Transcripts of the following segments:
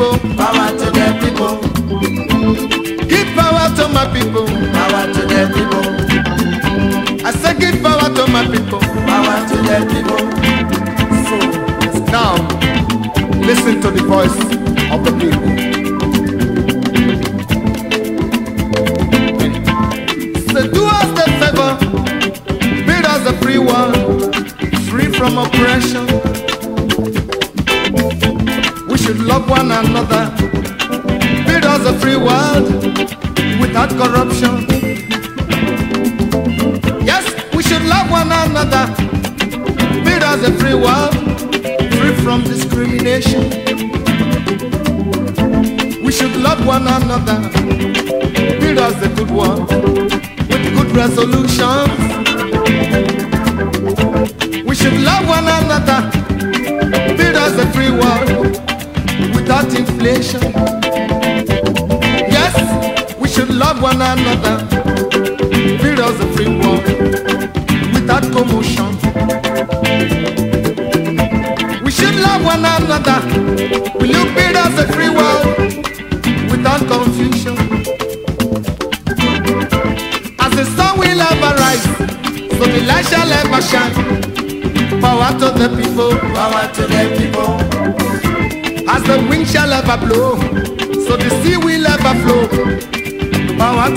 people, power to the people. Give power to my people, power to the people. I say give power to my people, power to the people. So now, listen to the voice.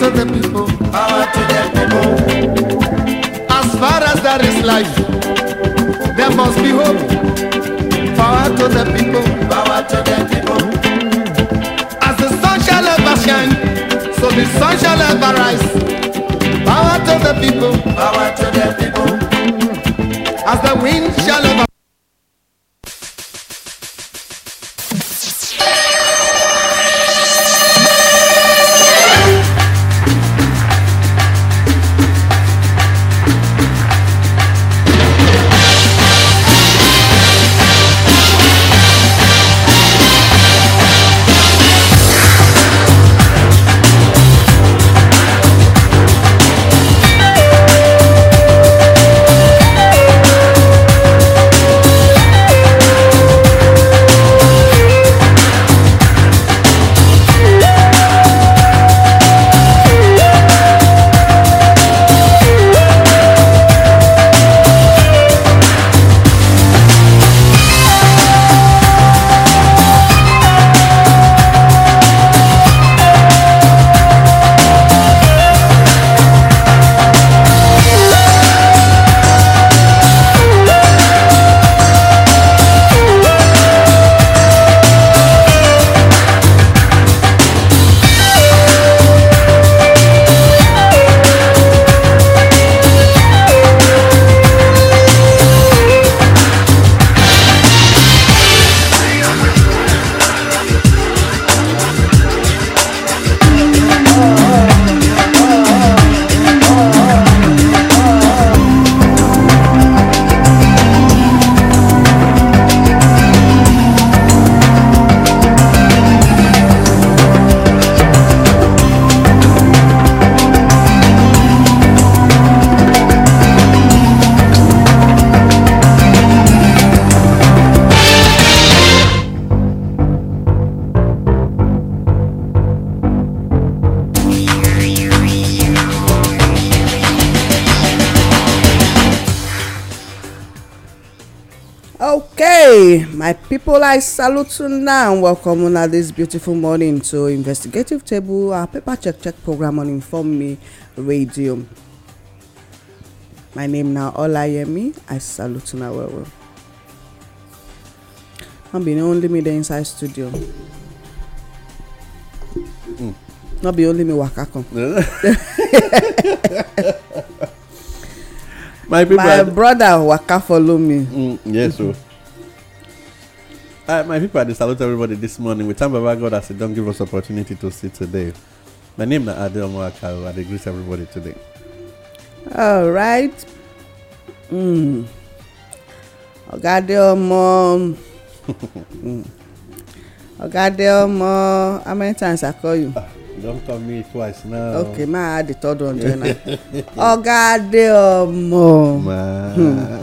to the people. Power to the people. As far as there is life, there must be hope. Power to the people. Power to the people. As the sun shall ever shine, so the sun shall ever rise. Power to the people. Power to the people. As the wind shall okay my people. i salute you now and welcome on this beautiful morning to investigative table our paper check check program on inform me radio my name now olayemi i salute una well well I'm be only me dey inside studio hmm. Not be only me waka come my people my brother waka follow me. Mm, yes o. Oh. Uh, my people i dey salute everybody this morning we thank baba god as he don give us opportunity to see today my name na ade omoakaru oh. i dey greet everybody today. all right mm. ọ̀gá dé ọmọ ọ̀gá dé how many times i call you. Uh you don tell me twice now. okay my add the third one join am oga adeomo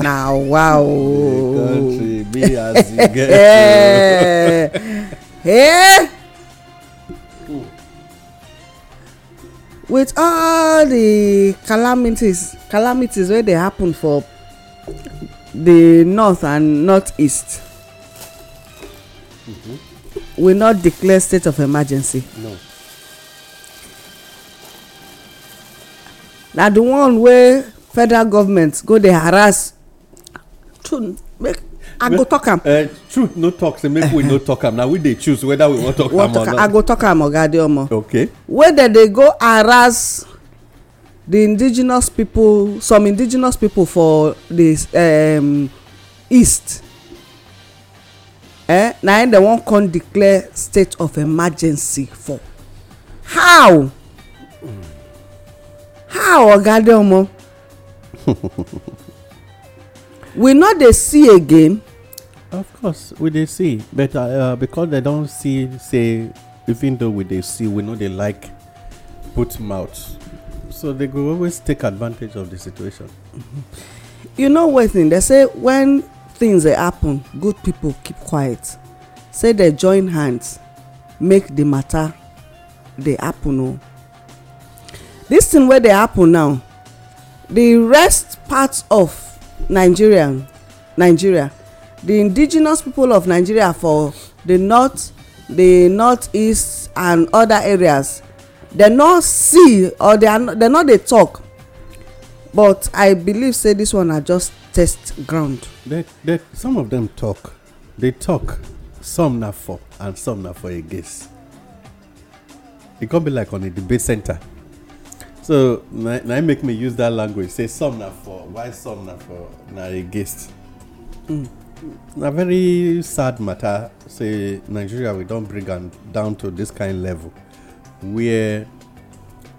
na wa o. country be as you get. Eh, eh? with all the calamities calamities wey dey happen for the north and northeast mm -hmm. we no declare state of emergency. No. na the one wey federal government go dey harass true make i go talk am eh, truth no talk say make we no talk am na we dey choose whether we wan talk am or not i go talk am oga adeomo okay wey dem dey go harass the indigenous people some indigenous people for the um, east eh na im dem wan come declare state of emergency for how cow oga omo we no dey see again of course we dey see but uh, uh, because dem don see say even though we dey see we no dey like put mouth so they go always take advantage of the situation you know wetin dem say when things dey happen good people keep quiet say dem join hands make the matter dey happen o oh. This thing wey dey happen now the rest part of nigeria nigeria the indigenous people of nigeria for the north di northeast and other areas dem no see or dem no dey talk but i believe say this one na just test ground some of dem talk dey talk some na for and some na for against e come be like on a debate centre so na na make me use that language say some na for why some na for na against mm. na very sad matter say nigeria we don bring am down to this kind level where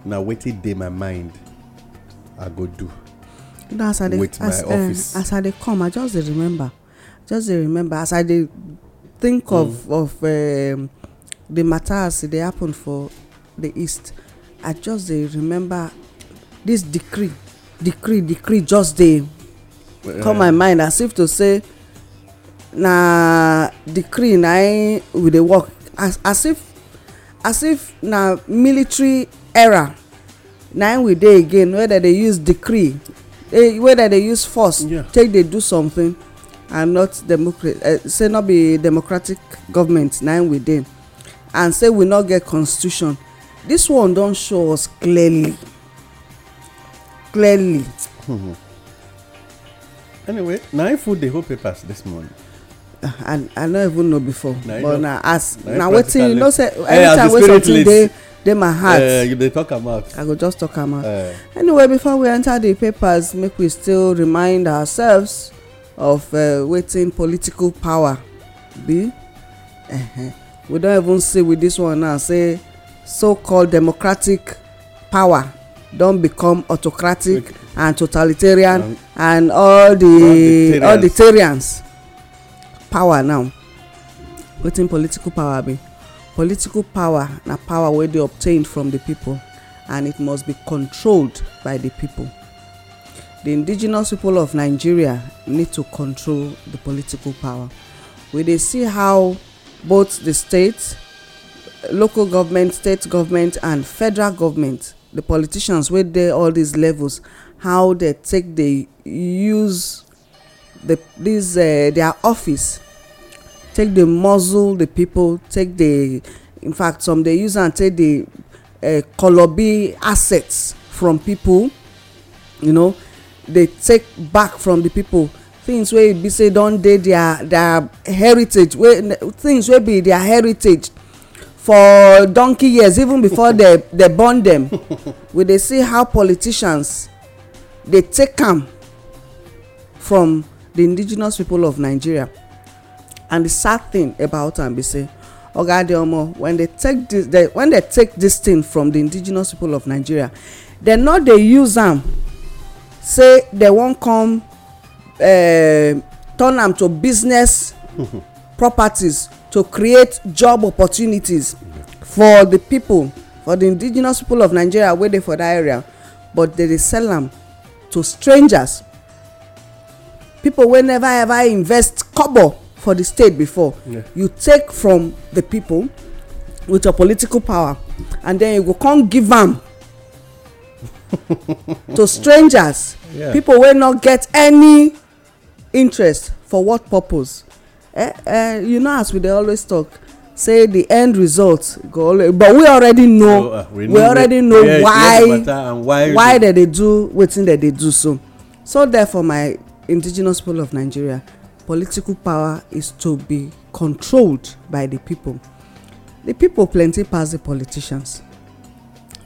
na wetin dey my mind i go do no, as I with as, my um, uh, office as i dey come i just dey remember just dey remember as i dey think of mm. of um, the matter as e dey happen for the east i just dey remember this decree decree decree just dey come my mind as if to say na decree na we dey work as as if as if na military era na we dey again wey dem dey use decree eh, wey dem dey use force take dey do something and not eh, say not be democratic government na we dey and say we no get constitution This one don show us clearly clearly hmm. anyway na I full the whole papers this morning i i no even know before but na as na wetin you know say eh, anytime wey something dey dey my heart eh, you dey talk am out i go just talk am out eh. anyway before we enter the papers make we still remind ourselves of wetin political power be we don even see with this one now say so called democratic power don become autocratic and totalitarian um, and all the all the tarians power now wetin political power be political power na power wey dey obtained from the people and it must be controlled by the people the indigenous people of nigeria need to control the political power we dey see how both the states local government state government and federal government the politicians wey dey all these levels how they take dey use the this uh, their office take dey muzzle the people take dey in fact some dey use am take dey uh, kolobi assets from people you know dey take back from the people things wey be say don dey their their heritage wey things wey be their heritage for donkey years even before they they born them, we dey see how politicians dey take am from the indigenous people of nigeria and the sad thing about am be say oga adeomo when they take dis when they take this thing from the indigenous people of nigeria they no dey use am say they wan come uh, turn am to business properties to create job opportunities for the people, for the indigenous people of nigeria wey dey for that area but they dey sell am to strangers People, wey never ever invest kobo for the state before you take from the people with your political power and then you go come give am to strangers People wey not get any interest for what purpose eh, eh, you know as we dey always talk say the end result go always but we already know so, uh, we, we know already know yeah, why why, why they dey do wetin they dey do so so therefore my indigenous people of nigeria political power is to be controlled by the people the people plenty pass the politicians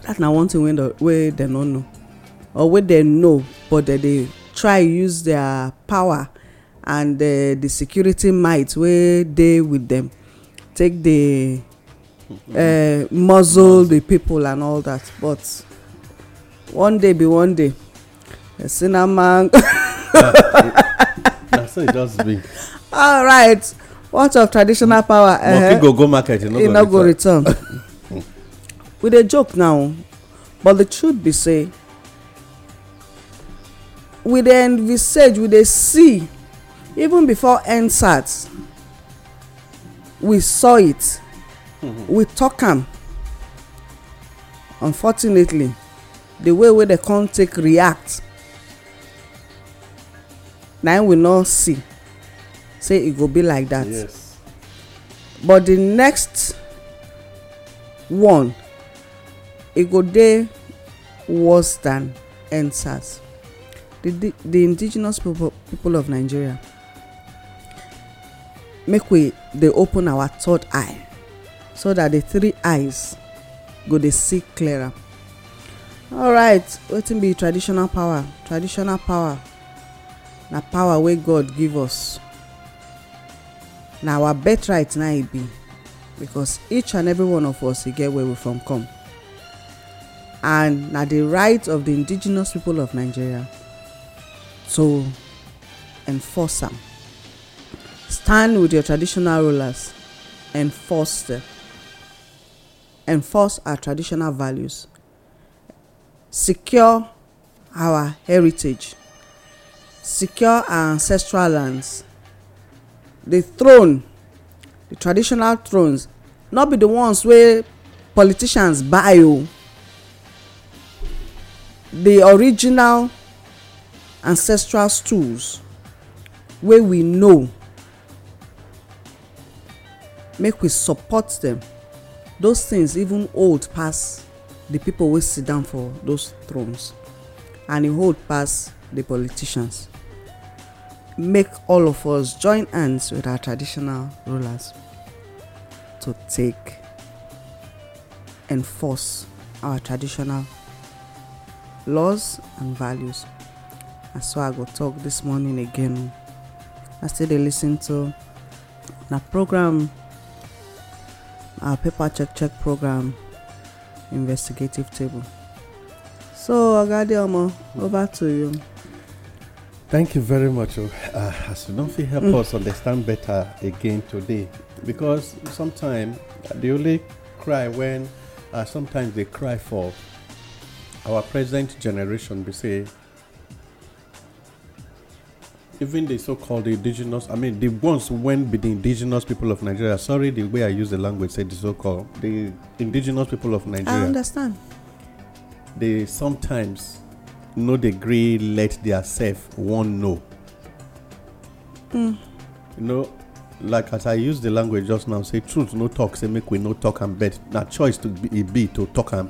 that na one thing wey the, wey dem no know or wey dem know but dem dey try use their power and the security might wey dey with them take dey mm-hmm. eh, muzzle the people and all that, but one day be one day cinema na so e just be all right. what of traditional mm. power monkey eh? go go market e no go return we dey joke now but the truth be say we dey envisage we dey see even before endsars we saw it mm-hmm. we talk am unfortunately the way wey dem come take react na we no see say e go be like that yes. but the next one e go dey worse than endsars the the indigenous people people of nigeria make we dey open our third eye so that the three eyes go dey see clearer All alright wetin be traditional power traditional power na power wey god give us na our birthright na e be because each and every one of us e get where we from come and na the right of the indigenous people of nigeria to enforce am stand with your traditional rulers enforce them enforce our traditional values secure our heritage secure our ancestral lands the throne the traditional thrones no be the ones wey politicians buy o the original ancestral stools wey we know make we support them? those things even old pass the people wey sit down for those thrones and e old pass the politicians make all of us join hands with our traditional rulers to take enforce our traditional laws and values and so i go talk this morning again i still dey lis ten to na program our paper check check program investigative table. So, Ogadiomo, over to you. Thank you very much, uh, Asunofi. Help mm. us understand better again today because sometimes uh, the only cry when uh, sometimes they cry for our present generation, We say, even the so-called indigenous i mean the ones when be the indigenous people of nigeria sorry the way i use the language say the so-called the indigenous people of nigeria i understand they sometimes no degree, let their self one know mm. you know like as i use the language just now say truth no talk say make we no talk and bet na choice to be, e be to talk am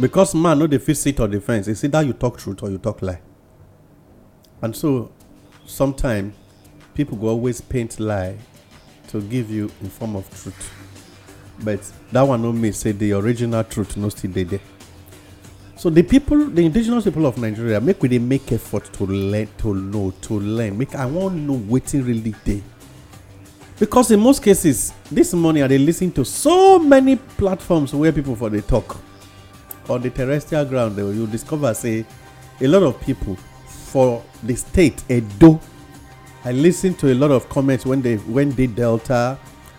because man no dey fit sit on the fence it's e either you talk truth or you talk lie And so sometimes people will always paint lie to give you in form of truth. But that one no may say the original truth no still there. So the people, the indigenous people of Nigeria, make we they make effort to learn, to know, to learn. Make I want to know waiting really day. Because in most cases, this morning are they listen to so many platforms where people for they talk. On the terrestrial ground, they, you discover say a lot of people for the state Edo. I listened to a lot of comments when they when they Delta.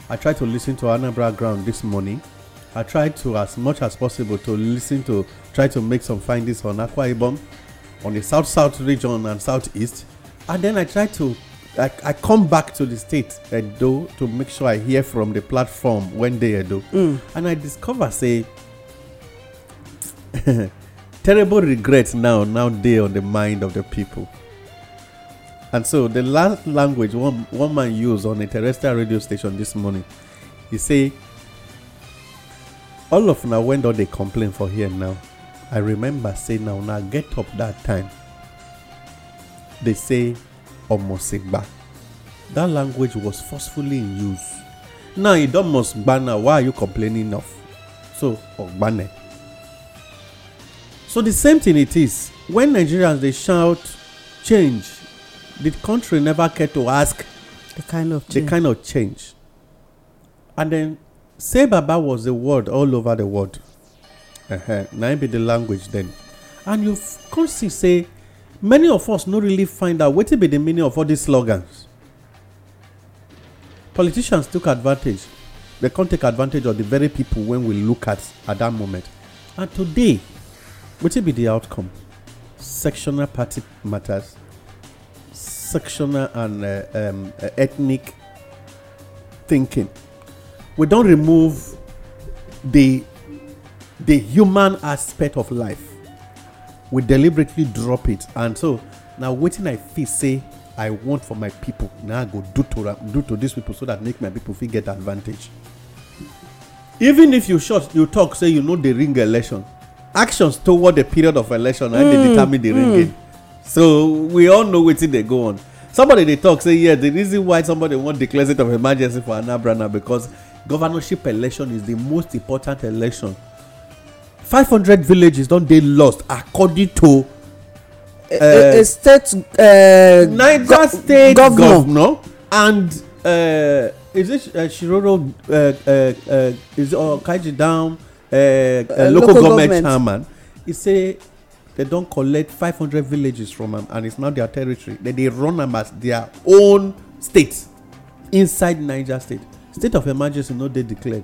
I tried to listen to Anambra Ground this morning. I tried to as much as possible to listen to try to make some findings on Akwa Ibom, on the South South region and Southeast, and then I tried to I, I, come back to the state Edo to make sure I hear from the platform when they Edo, mm. and I discover say terrible regrets now now day on the mind of the people. And so the last language one one man used on a terrestrial radio station this morning, he say, "All of now when do they complain for here now, I remember say now now get up that time. They say, omosigba. That language was forcefully in use. Now it e almost gba now. Why are you complaining of? So ogbane." So the same thing it is when Nigerians they shout change, the country never care to ask the kind of change. the kind of change. And then say Baba was a word all over the world. Uh-huh. Now be the language then, and you can see say many of us no really find out what be the meaning of all these slogans. Politicians took advantage. They can't take advantage of the very people when we look at at that moment. And today, Would it be the outcome? Sectional party matters, sectional and uh, um, uh, ethnic thinking. We don't remove the the human aspect of life. We deliberately drop it, and so now waiting. I feel say I want for my people. Now I go do to do to these people so that make my people feel get advantage. Even if you short, you talk say you know the ring election actions toward the period of election and they hmm, determine the mm. game so we all know wetin dey go on somebody dey talk say yeah. the reason why somebody wan declare state of emergency for anambra na because governorship election is the most important election five hundred villages don dey lost according to. Uh, a, a uh, state. Uh, niger state governor, governor and uh, is it uh, shiroro uh, uh, uh, is uh, kaiji down Eh, eh, local government chairman e say they don collect five hundred villages from am and it's now their territory They dey run am as their own state inside niger state state of emergency no dey declared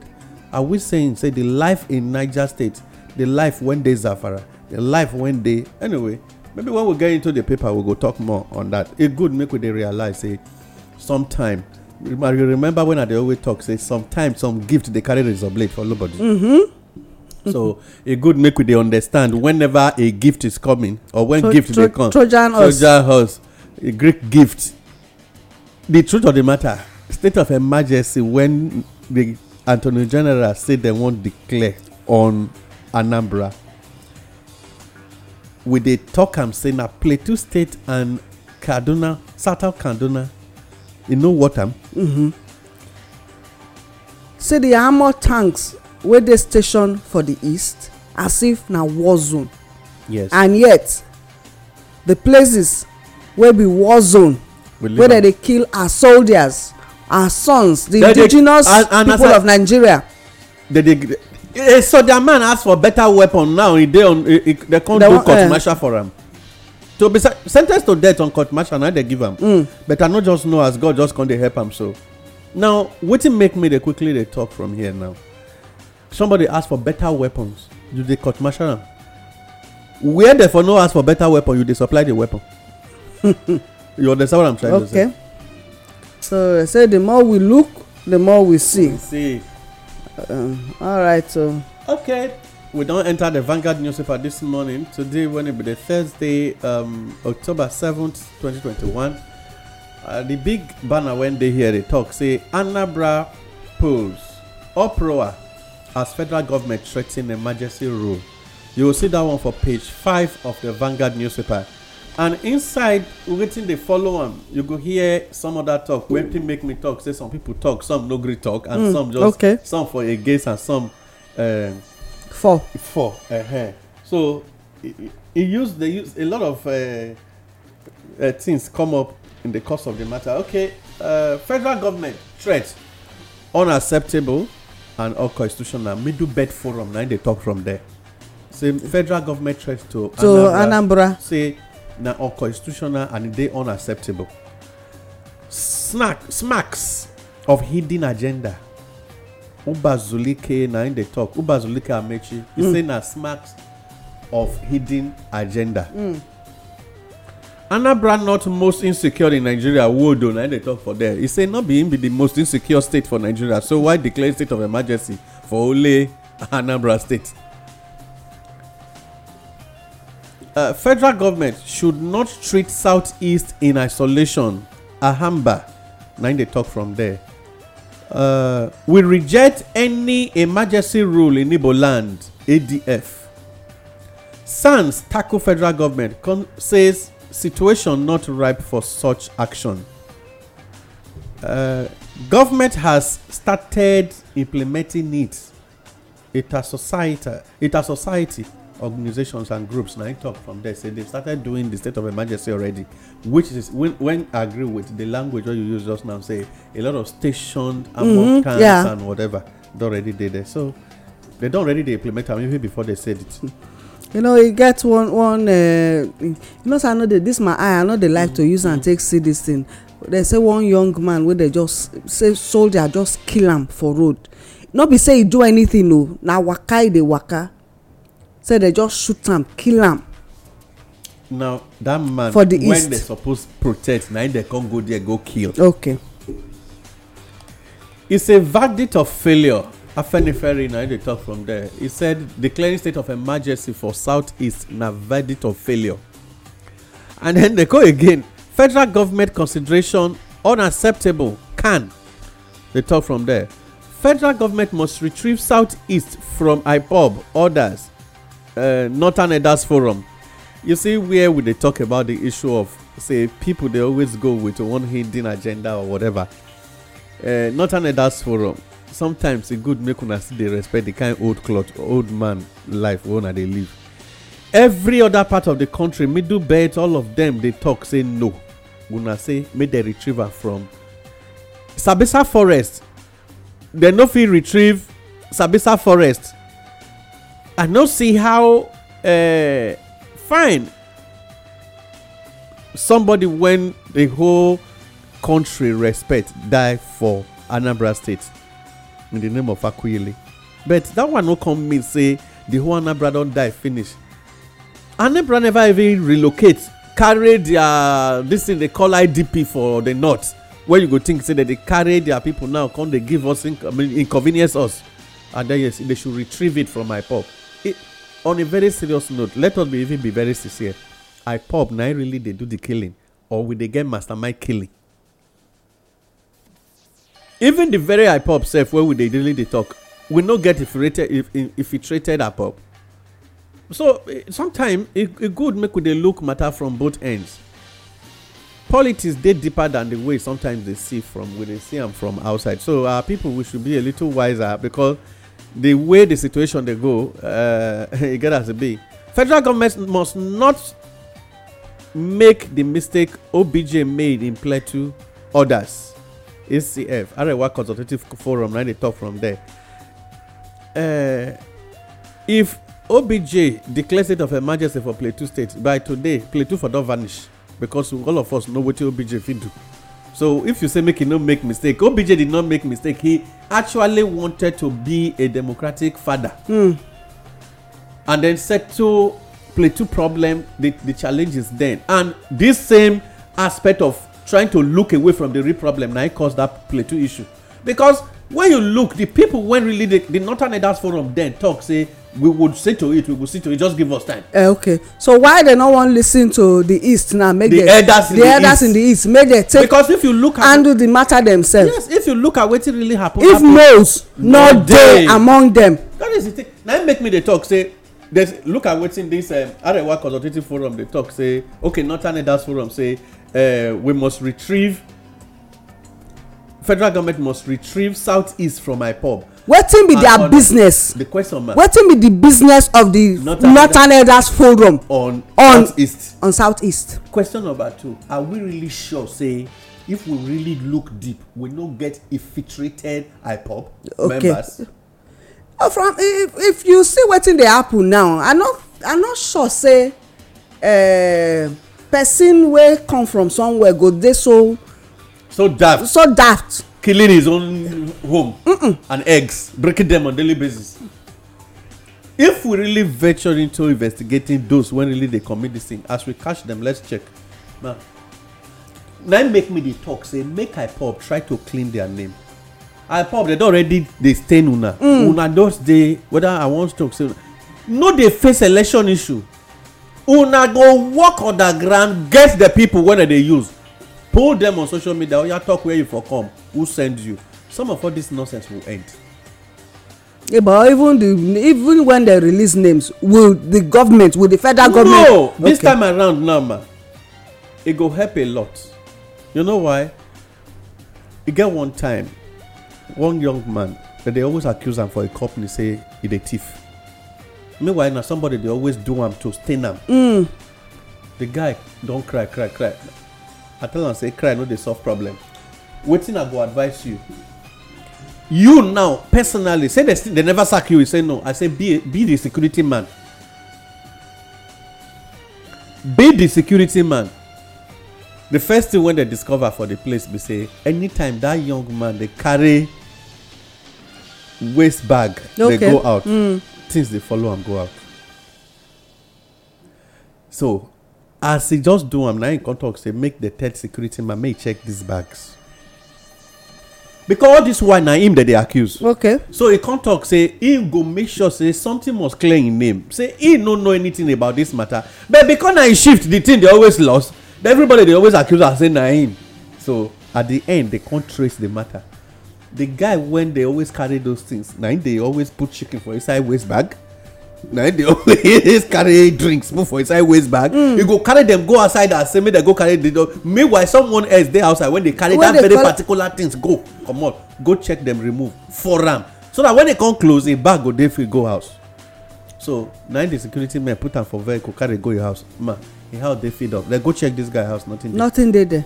are we saying say the life in niger state the life wen dey zafara the life wen dey anyway maybe when we get into the paper we go talk more on that e good make we dey realize say sometime remember when i dey always talk say sometimes some gift dey carry razor blade for nobody mm-hmm so e good make we dey understand whenever a gift is coming or when Tro gift dey come trojan horse trojan horse a greek gift the truth of the matter state of emergency when the attorney general say dem wan declare on anambra we dey talk am say na plateau state and kaduna southern kaduna you know what am. Mm -hmm. say the armor tanks wey dey station for di east as if na war zone yes and yet di places wey be war zone wey dem dey kill our soldiers our sons di indigenous people of nigeria a eh, soldier man ask for better weapon now e dey on e dey come do court eh. martial for am to be sen ten ced to death on court martial na dey give am mm. but i no just know as god just come dey help am so now wetin make me dey quickly dey talk from here now somebody ask for better weapons you dey cut martial am where dem for no ask for better weapon you dey supply the weapon you understand what i'm trying okay. to say. okay so i say the more we look the more we see. see. Um, all right so. okay we don enter the Vanguard newspaper this morning today when it be the Thursday um, October seventh twenty twenty one. Uh, the big banner when they hear they talk say Anabra polls uproar as federal government threatened emergency rule. You will see that one for page five of the Vanguard newspaper. And inside waiting the follow on, you go hear some other talk. Mm. Waiting make me talk. Say some people talk, some no agree talk, and mm, some just okay. some for against and some uh, um, for for. Uh-huh. So he, he used they use a lot of uh, uh, things come up in the course of the matter. Okay, uh, federal government threat unacceptable and Oko institution na Middle Bed Forum na dey talk from there. Say federal government threat to Anambra. To Anambra. Say na unconstitutional and e dey unacceptable. Snack smacks of hidden agenda. Uba Zulike na im dey talk. Uba Zulike Amechi. He mm. say na smacks of hidden agenda. Mm anambra not most insecure in nigeria woodo na dey talk for there e say not be im be di most insecure state for nigeria so why declare state of emergency for only anambra state uh, federal government should not treat southeast in isolation ahamba na im dey talk from there uh, we reject any emergency rule in igbo land adf sans tackle federal government says situation not ripe for such action. Uh, government has started implementing it. It has society, it has society organizations and groups. Now I talk from there. Say they started doing the state of emergency already, which is when, when I agree with the language what you use just now. Say a lot of stationed mm-hmm, yeah. and whatever they already did there. So they don't already they implement it even before they said it. Hmm. you know e get one one uh, you know say i no dey this my eye i no dey like to use am mm. take see this thing they say one young man wey dey just say soldier just kill am for road no be say he do anything o na waka e dey waka say they just shoot am kill am now that man for the east when they suppose protect na him dey come go there go kill okay it's a verdict of failure Afenifere now they talk from there. He said declaring state of emergency for southeast na verdict of failure. And then they go again. Federal government consideration unacceptable can. They talk from there. Federal government must retrieve southeast from IPOB orders. Uh, Northern Edas Forum. You see where would they talk about the issue of say people they always go with one hidden agenda or whatever. Uh, Northern Edas Forum sometimes e good make una still dey respect the kind old cloth old man life wey una dey live every other part of the country middle belt all of them dey talk say no una say make dem retrieve am from sabisa forest dem no fit retrieve sabisa forest i no see how uh, fine somebody when the whole country respect die for anambra state in the name of Akuyele. But that one no come mean say the whole Anambra don die finish. Anambra never even relocate carry their this thing they call IDP for the north where you go think say that they carry their people now come they give us inc I mean, inconvenience us and then yes they should retrieve it from IPOB. It, on a very serious note let us be even be very sincere IPOB now really they do the killing or we dey get mastermind killing even the very high pop sef wey we dey really dey talk we no get infiltrated infiltrated ipop so eh, sometimes e, e good make we dey look matter from both ends politics dey deeper than the way sometimes they see from we dey see am from outside so our people we should be a little wiser because the way the situation dey go uh, e get as e be federal government must not make the mistake obj made in plateau others acf arewa consultative forum na dey talk from there uh, if obj declare state of emergency for plateau state by today plateau for don vanish because all of us know wetin obj fit do so if you say make he no make mistake obj did not make mistake he actually wanted to be a democratic father mm. and then settle plateau problem the the challenges then and this same aspect of trying to look away from the real problem now, e cause that plateau issue because when you look the people when really the, the northern elders forum then talk say we would see to it we would see to it just give us time. Uh, okay so why they no wan lis ten to the east now make the they elders the, the elders east. in the east make they take because if you look at handle the matter themselves. yes if you look at wetin really happen. if males no dey among them. that is the thing na im make me dey talk say there's look at wetin this um, arewa consultative forum dey talk say okay northern elders forum say uh, we must retrieve federal government must retrieve southeast from ipob. wetin be their business the question mark wetin be the business of the northern, northern elders forum on on southeast on southeast. question number two are we really sure say if we really look deep we no get infiltrated ipob okay. members. Okay. Oh, from if if you see wetin dey happen now i no i no sure say. Uh, person wey come from somewhere go dey so so daft so daft killing his own home mm -mm. and eggs breaking them on daily basis if we really venture into investigating those when really dey commit this thing as we catch them let's check na na make me dey talk say make I pop try to clean their name ipob dem don already dey stain una mm. una just dey whether i wan talk say no dey face election issue una go work underground get the people wey dem dey use pull dem on social media oya talk where you for come who send you some of all this nonsense will end. Yeah, but even the even when they release names will the government will the federal no, government. no this okay. time around now ma e go help a lot you know why e get one time one young man dem dey always accuse am for a company say e dey thief meanwhile na somebody dey always do am to stain am mm. the guy don cry cry cry i tell am say cry no dey solve problem wetin i go advise you you now personally say they they never sack you you say no i say be be the security man be the security man the first thing wey dem discover for the place be say anytime that young man dey carry waste bag okay. go out mm things dey follow am go out so as he just do am na him come talk say make the third security man make he check these bags because all this while na him dem dey accuse. okay so he come talk say him go make sure say something must clear him name say he no know anything about this matter but because na him shift the thing dey always lost everybody dey always accuse am say na him so at the end they come trace the matter the guy when they always carry those things Now they always put chicken for inside waist bag Now they always carry drinks put for inside waist bag mm. he go carry them go outside and say make They go carry the dog meanwhile someone else dey outside when they carry when that very call... particular things go comot go check them remove for am so that when they come close him bag go dey free go house so now the security men put am for vehicle carry go your house ma him house dey filled up dem go check this guy house nothing dey nothing dey there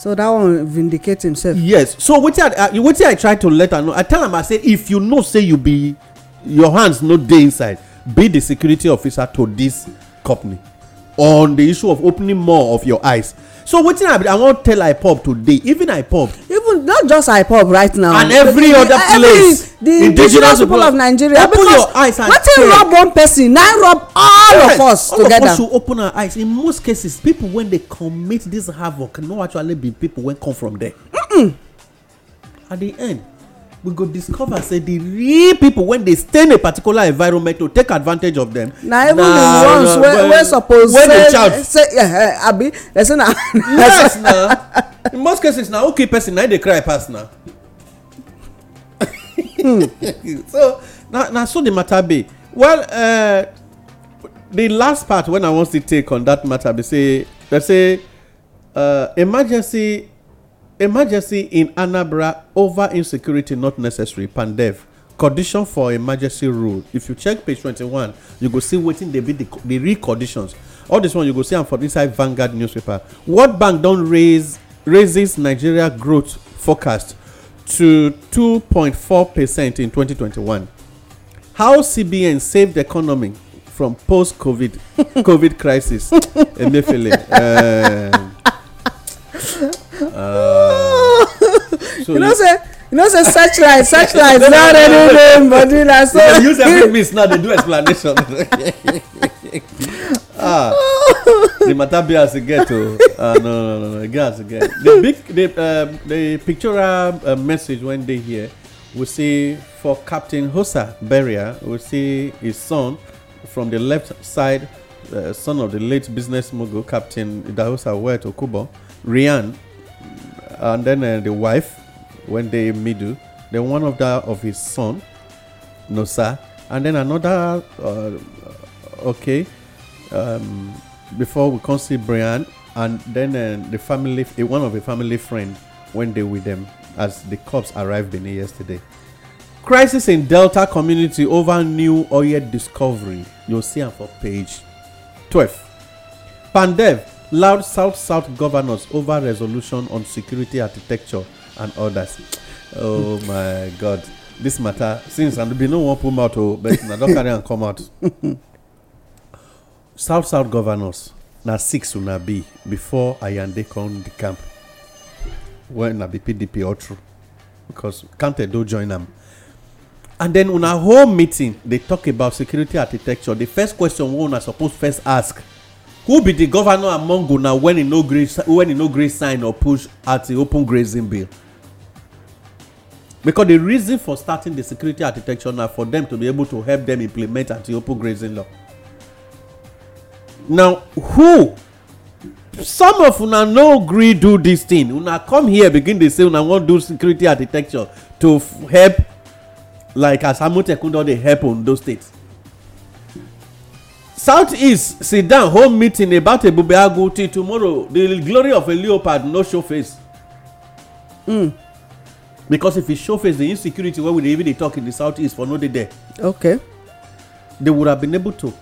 so that one vindicate himself yes so wetin i uh, wetin i try to let am know i tell am i say if you know say you be your hands no dey inside be the security officer to this company on the issue of opening more of your eyes so wetin i i wan tell ipob today even ipob even not just ipob right now and every other place the indigenous people of nigeria because wetin rob one person na rob all of us together all of us should open our eyes in most cases people wey dey commit this havoc no actually be people wey come from there at the end we go discover say the real people when they stay in a particular environment to take advantage of them. na even nah, the ones wey wey suppose wey the child say uh, abi they say na. yes na in most cases na okay person na dey cry pass na. so na na so the matter be well uh, the last part when i wan still take on that matter be say they say uh, emergency Emergency in Anambra over insecurity not necessary, Pandev. Condition for emergency rule. If you check page twenty-one, you go see waiting they be the, the real conditions. All this one you go see I'm for inside Vanguard newspaper. World Bank don't raise raises Nigeria growth forecast to two point four percent in 2021. How CBN saved the economy from post-COVID COVID crisis. Emefiele. um, uh, So you know say you know say searchlight searchlight not any name but you na so. they use every miss now they do explanation. ah the matter be as e get o oh. ah no no no no e get as e get the big the um, the pictorial uh, message wey dey here we see for captain hosa beria we see his son from the left side uh, son of the late business mogul captain idahosa wet okubo ryan and then uh, the wife when they middle. Then one of that of his son, Nosa, and then another. Uh, okay, um, before we can see Brian, and then uh, the family, one of the family friend, went there with them as the cops arrived in yesterday. Crisis in Delta community over new oil discovery. You'll see on for page 12. Pandev loud South South governors over resolution on security architecture and others oh my god this matter since and be no one pull out. Oh, but na don carry am come out south south governors na six will una be before ayande come the camp when na be pdp all through because kante do join them? and then on a whole meeting they talk about security architecture the first question one I suppose first ask who be the governor among now when he no gree when he no gree sign or push at the open grazing bill because the reason for starting the security architecture now for them to be able to help them implement anti-open grazing law now who some of una no gree do this thing una come here begin dey say una wan do security architecture to help like as amotekun don dey help on ondo state southeast sit down hold meeting about ebube agu till tomorrow the glory of a leopard no show face. Mm because if he show face the insecurity wey we dey even dey talk in the southeast for no dey there. okay. they would have been able to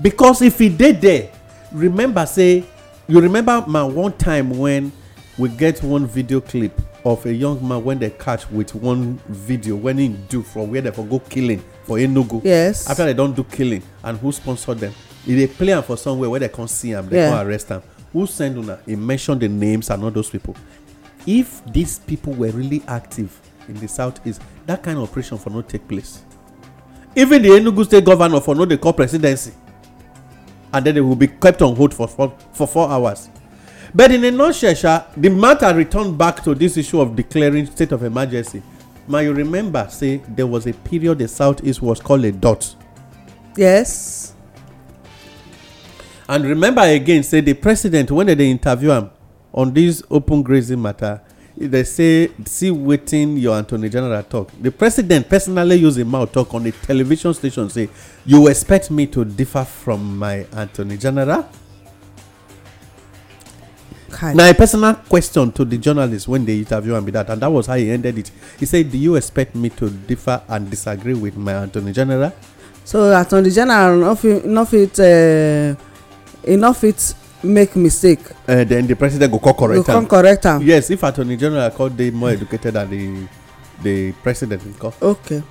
because if he dey there remember say you remember ma one time when we get one video clip of a young man wey dem catch with one video wey im do from where dem for go killing for enugu yes after dem don do killing and who sponsor dem e dey play am for somewhere wey dem come see am dem come arrest am who send una He mention the names and all those people if these people were really active in the southeast that kind of operation for no take place even the enugu state governor for no dey call presidency and then they will be kept on hold for four for four hours but in a nutshell sha the matter return back to this issue of declaring state of emergency ma you remember say there was a period the southeast was called a dot. yes. and remember again say the president when they dey interview am on this open grazing matter they say see wetin your attorney general talk the president personally use im mouth talk on a television station say you expect me to differ from my attorney general na a personal question to the journalist when dey interview am be that, and that was how he ended it He say do you expect me to differ and disagree with my attorney general so attorney general no fit uh, no fit make mistake and uh, then the president go come correct am go come correct am yes if attorney general come dey more educated than the the president okay.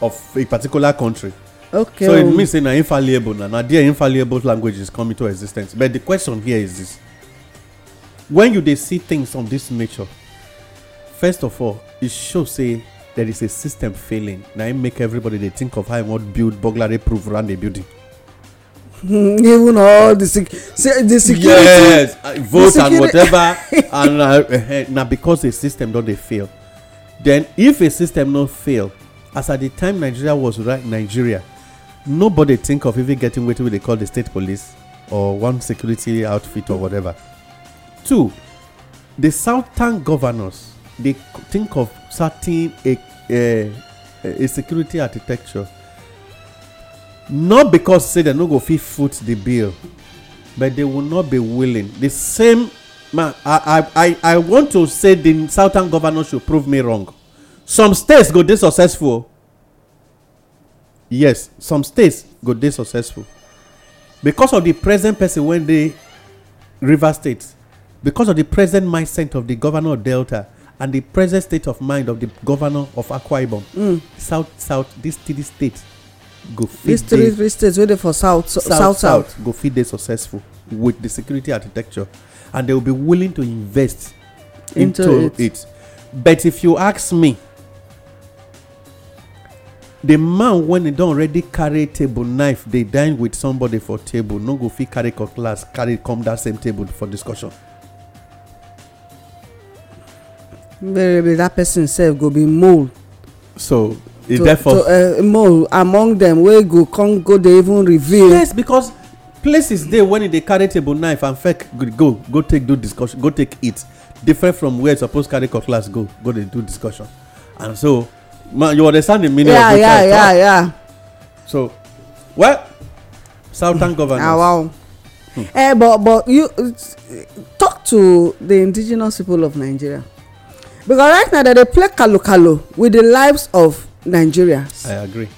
of a particular country okay so it means say na infallible na there infallible languages come into existence but the question here is this when you dey see things of this nature first of all e show say there is a system failing na im make everybody dey think of how im e wan build burglary proof around a building even all the sec se the security yes vote and whatever and uh, uh, eh, eh, na because the system don dey fail then if a system no fail as at the time nigeria was right nigeria nobody think of even getting wetin we dey call the state police or one security outfit or whatever two the southern governors dey think of certain a, a a security architecture not because say they no go fit foot the bill but they will not be willing the same man i i i want to say the southern governor should prove me wrong some states go dey successful yes some states go dey successful because of the present person wey dey river state because of the present mindset of the governor of delta and the present state of mind of the governor of akwa ibom mm. south south this three state go fit these three three states wey dey for south south south go fit dey successful with the security architecture and they will be willing to invest into it but if you ask me the man when he don already carry table knife dey dine with somebody for table no go fit carry cutlass carry come that same table for discussion maybe that person sef go be mole so e therefore eh, more among them wey go come go dey even reveal yes because places dey when e dey carry table knife and fake go go take do discussion go take eat different from where you suppose carry cutlass go go dey do discussion and so you understand the meaning of the yeah yeah yeah so well southern hmm. governors Ah hmm. wow. eh but but you talk to the indigenous people of nigeria because right now they dey play kalokalo with the lives of Nigeria. i agree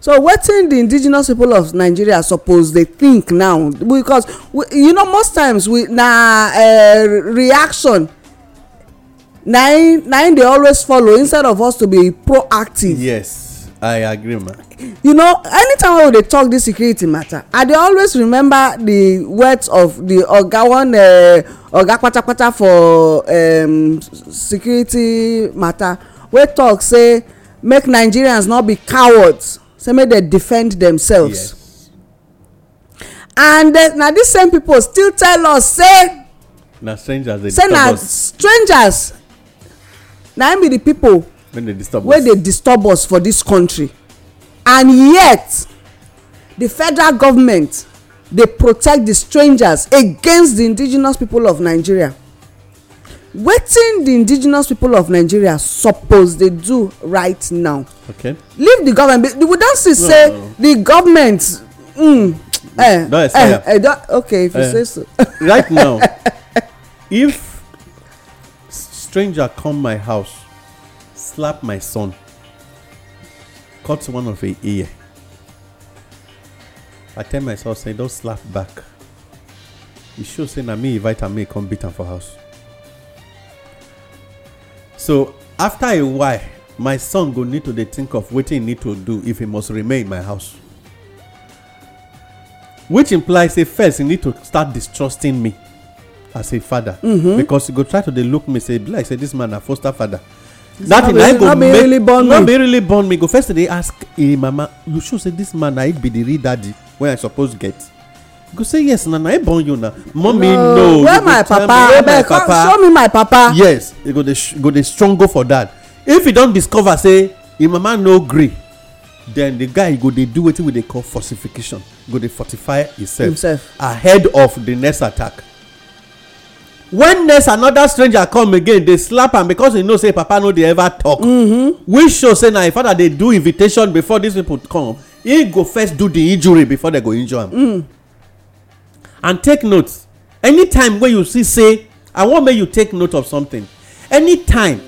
so wetin di indigenous people of nigeria suppose dey think now because you know most times we na eh, reaction na im dey always follow instead of us to be proactive yes i agree ma you know anytime we dey talk this security matter i dey always remember the words of the oga one eh, oga kpatakpata for security matter wey talk say make nigerians not be cowards say make dem defend themselves and na these same people still tell us say na strangers say na strangers na im be di pipo wey dey disturb us for this country and yet the federal government dey protect the strangers against the indigenous people of nigeria wetin the indigenous people of nigeria suppose dey do right now okay leave the government we don see say the government mm, eh eh eh don okay if you eh, say so right now if stranger come my house slap my son cut one of him ear i tell myself say don slap back e show say na me invite am make come beat am for house so after a while my son go need to dey think of wetin he need to do if he must remain in my house which imply say first he need to start distrusting me as a father mm-hmm. because he go try to dey look me say be like say this man na foster father that thing na go make not be really born me go first dey ask eh mama you sure say this man na it be the real daddy wey i suppose get go say yes na na e born you na mommy no where my papa abeg show me my papa yes e go dey strong go for that if e don discover say im mama no gree then the guy go dey do wetin we dey call falsification. go dey fortify himself ahead of the next attack when next another stranger come again dey slap am because he know say papa no dey ever talk mm-hmm. which show say na im father dey do invitation before dis people come he go first do the injury before they go injure am mm and take note anytime wey you see say i wan make you take note of something anytime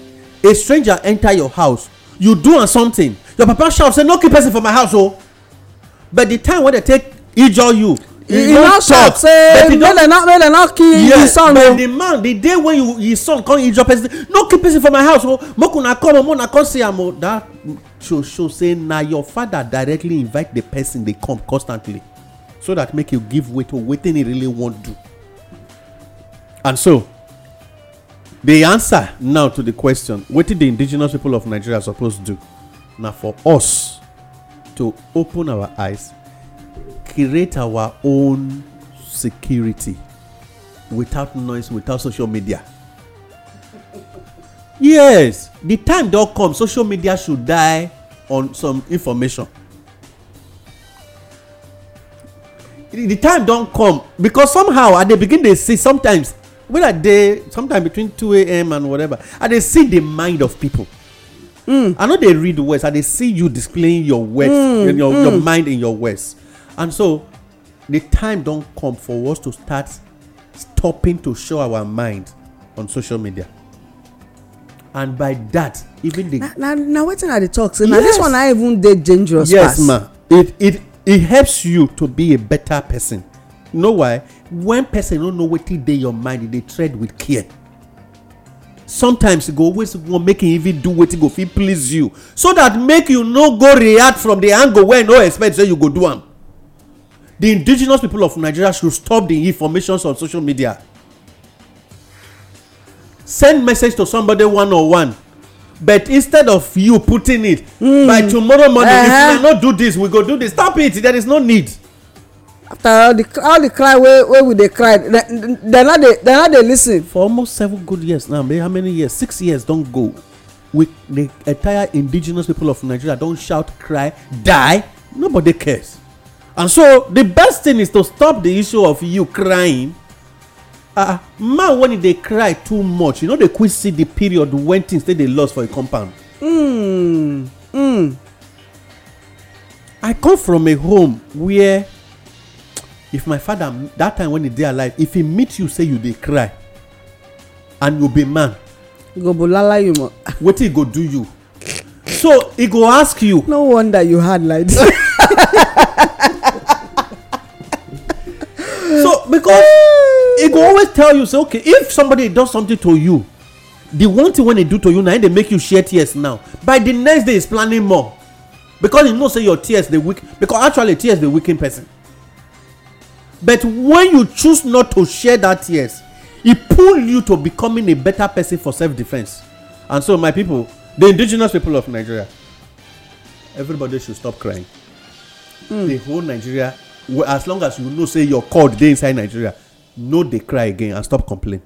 a stranger enter your house you do am something your papa shout say no keep person for my house o oh. but the time wey dey take injure you e don talk say make dem not make dem not kill his son o. yes but oh. the man the day when you his son come injure person no keep person for my house oh. o make una come oh, o make una come see am o that show show say na your father directly invite the person dey come constantly so that make you give way to wetin e really wan do and so the answer now to the question wetin the indigenous people of nigeria suppose do na for us to open our eyes create our own security without noise without social media yes the time don come social media should die on some information the time don come because somehow i dey begin dey see sometimes when i dey sometime between two am and whatever i dey see the mind of people. Mm. i no dey read words i dey see you displaying your words mm, your, mm. your mind in your words and so the time don come for us to start stopping to show our mind on social media and by that even the. na na, na wetin i dey talk say so yes. this one I even dey dangerous yes, pass. yes ma it it it helps you to be a better person you know why when person no know wetin dey your mind e dey tread with care sometimes e go always wan make e even do wetin go fit please you so that make you no go react from the angle wey no expect say you go do am the indigenous people of nigeria should stop the informations on social media send message to somebody one on one but instead of you putting it mm. by tomorrow morning uh -huh. if uh-huh. we no do this we go do this stop it there is no need. after all the all the cry wey wey we dey cry dem no dey dem no dey lis ten. for almost seven good years now maybe how many years six years don go we the entire indigenous people of nigeria don shout cry die nobody cares and so the best thing is to stop the issue of you crying ah man wen e dey cry too much you no dey quick see the period when things dey dey lost for e compound. Mm, mm. i come from a home where if my father that time when he dey alive if he meet you say you dey cry and you be man. he go bolala you mo. wetin he go do you so he go ask you. no wonder you hard like this. because e go always tell you say okay if somebody does something to you the one thing wey dey do to you na him dey make you shed tears now by the next day is planning more because you know say your tears dey weak because actually tears dey weaken person but when you choose not to shed that tears e pull you to becoming a better person for self defence and so my people the indigenous people of nigeria everybody should stop crying mm. the whole nigeria as long as you know say your cord dey inside nigeria no dey cry again and stop complain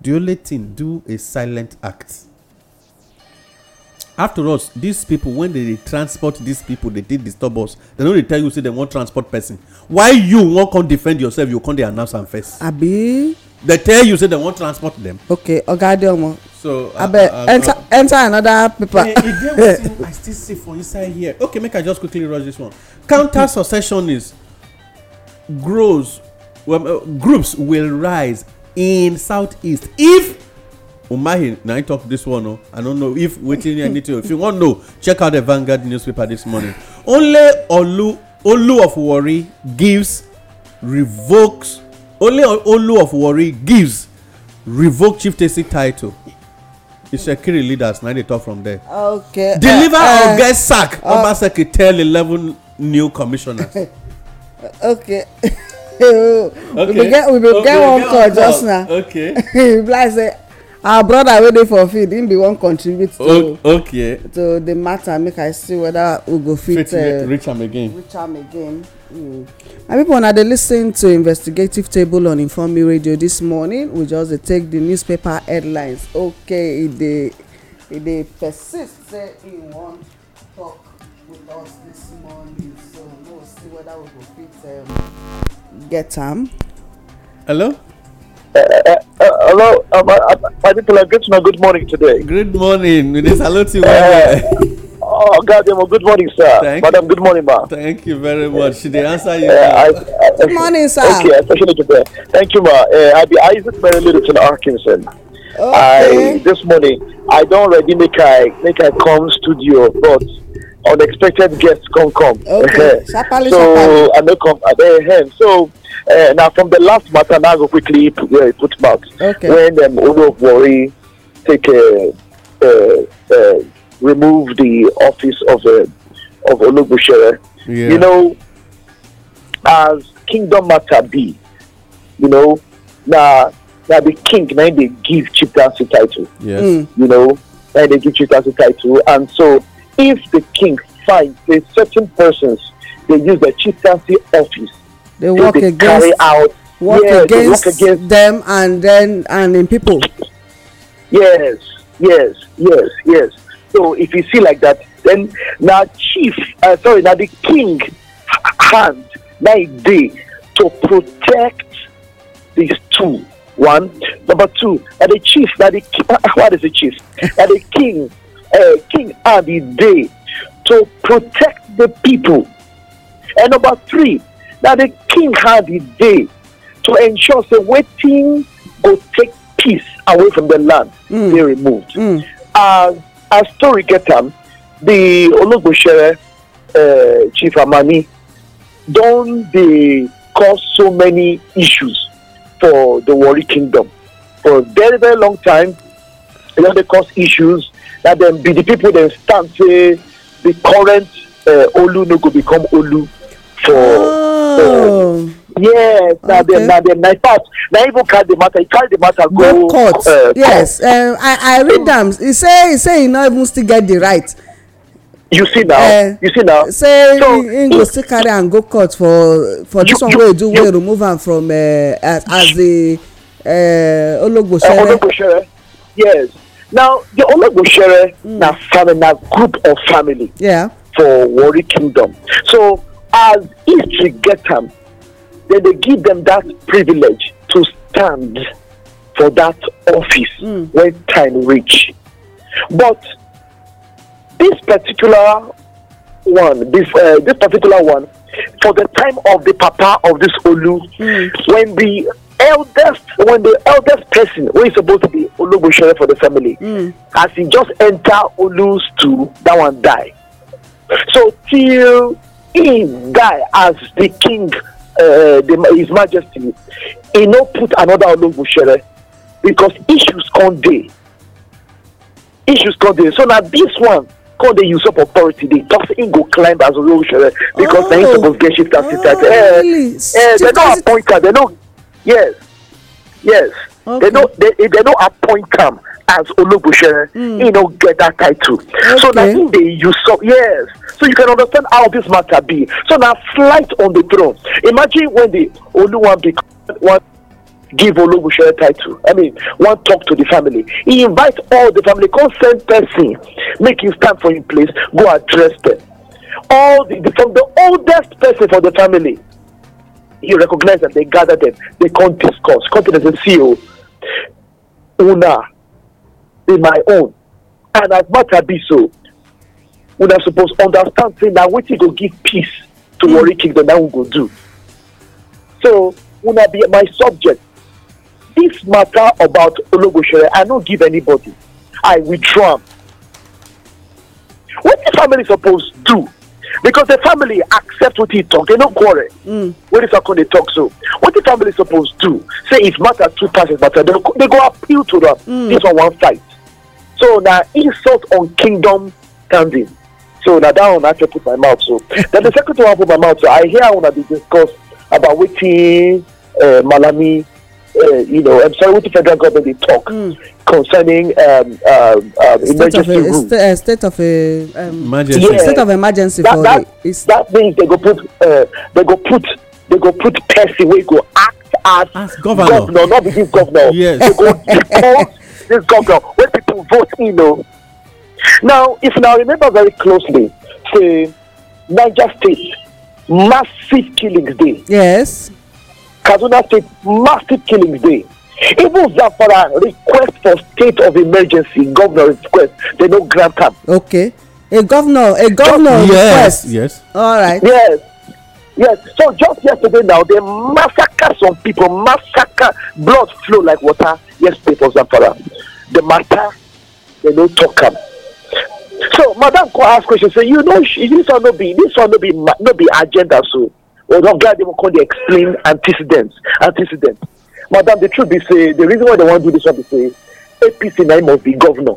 the only thing do a silent act after all these people when they dey transport these people they dey disturb us they no dey tell you say they wan transport person why you wan come defend yourself you come dey announce am first. abi. they tell you say they wan transport them. okay oga adeomo. so uh, abeg uh, enter uh, enter another paper. e dey wetin i still see for inside here okay make i just quickly rush this one counter successionist grows, well, uh, groups will rise in southeast if umahi na I talk this one Oh, i don't know if wetin you need to if you wan know check out the vanguard newspaper this morning only olu olu of warri gives revokes only olu of warri gives revoke chieftaincy title The security leaders na dey talk from there. okay deliver uh, uh, or get sack uh, obaseki tell eleven new commissioners. okay. okay. we get we bin oh, get one call just now okay he reply say our brother wey dey for field him be one contribute to okay to the matter make i see whether we go fit uh, reach am again reach again mm. my people una dey lis ten to investigative table on informe radio this morning we just dey take the newspaper headlines okay e dey e dey persist say e wan talk with us this morning so see whether we go fit um, get am. hello. Uh, uh, hello, um, my people are good to know. Good morning today. Good morning. We to you. Uh, oh, God, well, good morning, sir. Thank Madam, good morning, ma'am. Thank you very much. She did answer you. Uh, I, I, good morning, sir. Okay, especially today. Thank you, ma'am. Uh, I be Isaac Mary Littleton Arkinson. Okay. I, this morning, I don't already make I, make I come studio, but unexpected guests come come. Okay. so sapali. I no come. I don't So uh, now from the last matter, now I go quickly put, uh, put mouth. Okay. When um, Worry take uh, remove the office of uh, of Olubushere. Yeah. You know, as kingdom matter be, you know, now now the king now they give chieftaincy title. Yes. Mm. You know, and they give chieftaincy title, and so if the king finds a certain persons they use the chieftaincy office they work they against carry out work, yes, against work against them and then and in people yes yes yes yes so if you see like that then now chief uh, sorry now the king hand my day to protect these two one number two and the chief that the what is the chief and the king uh, King Abi Day to protect the people. And number three, that the king had a day to ensure the waiting go take peace away from the land mm. they removed. Mm. Uh, as story get them, the Ologoshere uh, Chief Amani don't they cause so many issues for the Wari Kingdom for a very very long time. They cause issues that dem be the people dem stand say the current uh, olu no go become olu for. Oh. Uh, yes na dem na dem na fact na even carry the matter he carry the matter go. court uh, yes Um, i i read hmm. am he say he say he no even still get the right. you see now uh, you see now. say so, he go still carry am go court for for this one wey do wey remove am from uh, as as the uh, ologbosere. Uh, ologbosere yes Now, the Olagoshere mm. na family, na group of family yeah. for Warri Kingdom. So, as history get them, then they give them that privilege to stand for that office mm. when time reach. But this particular one, this uh, this particular one, for the time of the papa of this Olu, mm. when the eldest when the eldest person who is supposed to be Olubushele for the family mm. as he just enter Olu's to that one die. So till he die as the king, uh, the, his majesty, he no put another Olubushele because issues come day. Issues come day. So now this one come the use of authority the toxin go climb as olubushele because oh. na suppose get shift as eh oh, eh, eh they no appoint am they no yes yes okay. they no they they no appoint am as ologboshere mm. he no get that title okay. so na him dey use up. yes so you can understand how this matter be so na flight on the throne imagine when the only one be one give Ologunsere title. I mean, one talk to the family. He invite all the family, come send person, make him stand for him place, go address them. All the, the from the oldest person for the family He recognized them. They gathered them. They can't discuss. Conte doesn't CEO, Una, in my own. And as matter be so, una suppose understand saying that wetin go give peace to mm. worry kingdom that we go do. So, una be my subject. This matter about Ologoshere, I don't give anybody. I withdraw. What the family supposed do because the family accept what he talk they no quarrel mm. what if come talk so what the family suppose do say if matter two passes matter they go, they go appeal to them mm. this on one fight. so na insult on kingdom standing so na that one i actually put my mouth so then the second one i put my mouth so i hear una dey discuss about wetin uh, malami uh, you know, I'm sorry, with the federal government, they talk mm. concerning um, um, um, state of a, st uh, state of a um, emergency. Yeah, state of emergency that, for that, the, that means they go put uh, they go put they go put Percy. wey go act as, as governor. governor not be this governor yes. they go this governor when people vote you know. now if now remember very closely say niger state massive killings day. yes. Kaduna State massive killings day. Even Zamfara request for state of emergency, governor request, they don't grant am. Okay, a governor, a governor yes, request. Yes. All right. Yes. Yes, so just yesterday now they massacre some people, massacre, blood flow like water yesterday for Zamfara. The matter, they don't talk am. So madam go ask question say you know this one no be this one no be no be agenda soon ọ̀gá dem come dey explain antecedents antecedents madam the truth be say the reason why dem wan do this one be say apc na must be governor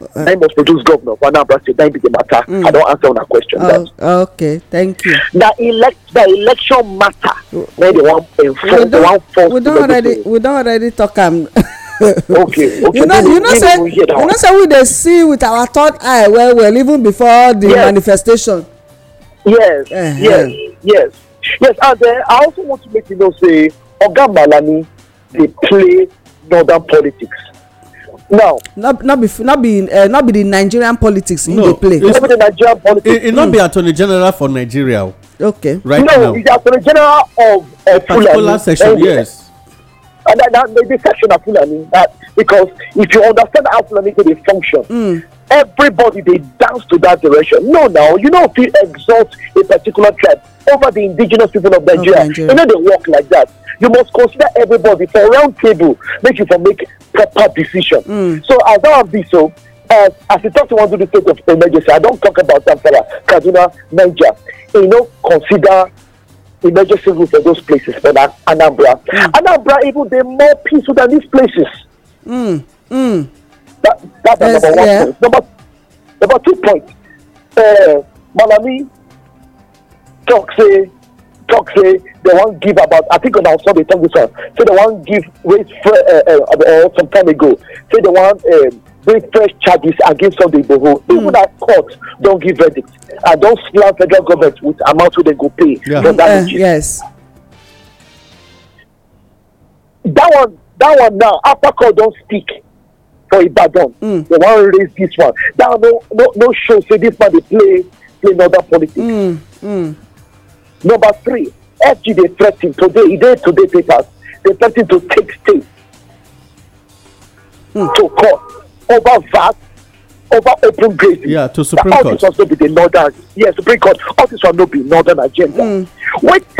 uh, na im must produce governor for anambra state na im be the matter i mm. don answer una question oh, okay thank you na elect na election matter na dem wan enforce dem wan force we don already we don already talk am. Um, okay okay you know you know say you know say we dey see with our third eye well well even before the yes. manifestation. yes eh, yes eh. yes. yes. Yes, and uh, I also want to make you know say Oga Malami dey play northern politics. now. na na be na be uh, na be the nigerian politics no, the play. no it's not be nigerian politics. e no be attorney general for nigeria. Oh, okay right no, now. no e the attorney general of uh, fulani. particular section uh, yes. and uh, that na the section of fulani uh, because if you understand how fulani dey function. Mm everybody they dance to that direction. No, now you know if exalt a particular tribe over the indigenous people of Nigeria, okay, you know they work like that. You must consider everybody for round table, make you for make proper decision. Mm. So as I have this, so as as you talk to one to the state of emergency, I don't talk about Zamfara, Kaduna, Niger. You know, consider emergency room for those places for Anambra. Mm. Anambra even they more peaceful than these places. Mm. Mm. That, that's yes, number one yeah. point. Number, number two point, uh, Malami talk say talk say they wan give about I think on our Sunday talk this one say they wan give raise for uh, uh, uh, uh, some time ago say they wan um, bring fresh charges against Sunday Igboho mm. even at court don't give verdict and don't slam federal government with amount wey they go pay yeah. for that uh, Yes. that one that one now after court don't speak for Ibadan. Mm. They want to raise this one. Now, no, no, no show say this man They play play another politics. Mm. Mm. Number three, FG they threatening ten today, today papers, they threatening to take state mm. to court over VAT over open grazing. Yeah, to Supreme Court. All this was no be the northern, yeah, Supreme Court. All this was no be northern agenda. Mm.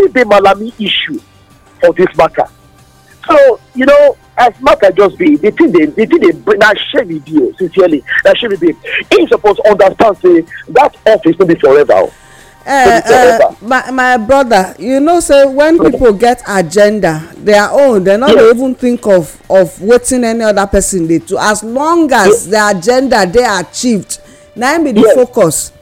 is the Malami issue for this matter? So, you know, as mark i just be the thing dey the thing dey bring na shame be o sincerely na shame e be him suppose understand say that office no be forever o. Uh, uh, my my brother you know say when people get agenda their own dem no dey even think of of wetin any other person dey do as long as yeah. the agenda dey achieved na im be the yes. focus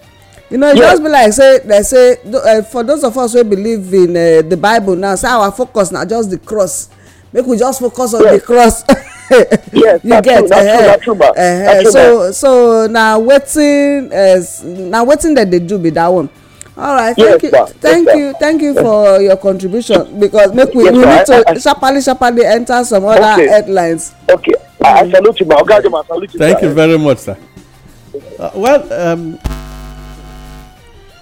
you know e yeah. just be like say they say uh, for those of us wey believe in uh, the bible now say our focus na just the cross make we just focus on yes. the cross yes, you get true, uh, uh, so so na wetin eh, na wetin dem dey do be that one all right thank yes, you ma. thank yes, you thank you yes. for your contribution because make we yes, we need to I, I, enter some okay. other headlines. okay i salute you ma oga joma salute you. thank you very much sir. Uh, well. Um,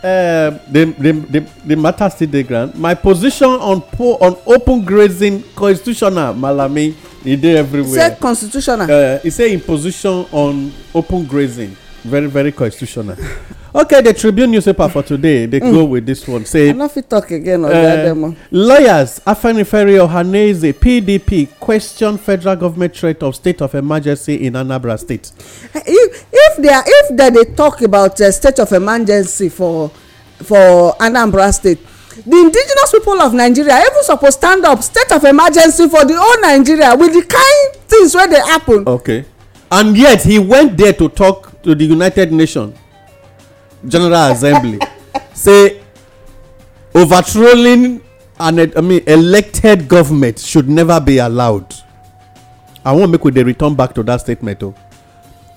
Eh, the, the, the, the matter still dey ground my position on po on open grazing constitutional malami e dey everywhere. say constitutional. Uh, e say im position on open grazing Very, very constitutional. okay, the Tribune newspaper for today, they go mm. with this one. Say, I'm not talk again on that uh, demo. Lawyers Afenifere Ohaneze, PDP, question federal government threat of state of emergency in Anambra State. Eh, if, if they are, if they, they talk about uh, state of emergency for for Anambra State, the indigenous people of nigeria even suppose stand up state of emergency for the whole nigeria with the kind things where they happen. okay and yet he went there to talk to the united nations general assembly say overthrowing an i mean elected government should never be allowed i wan make we dey return back to dat statement o oh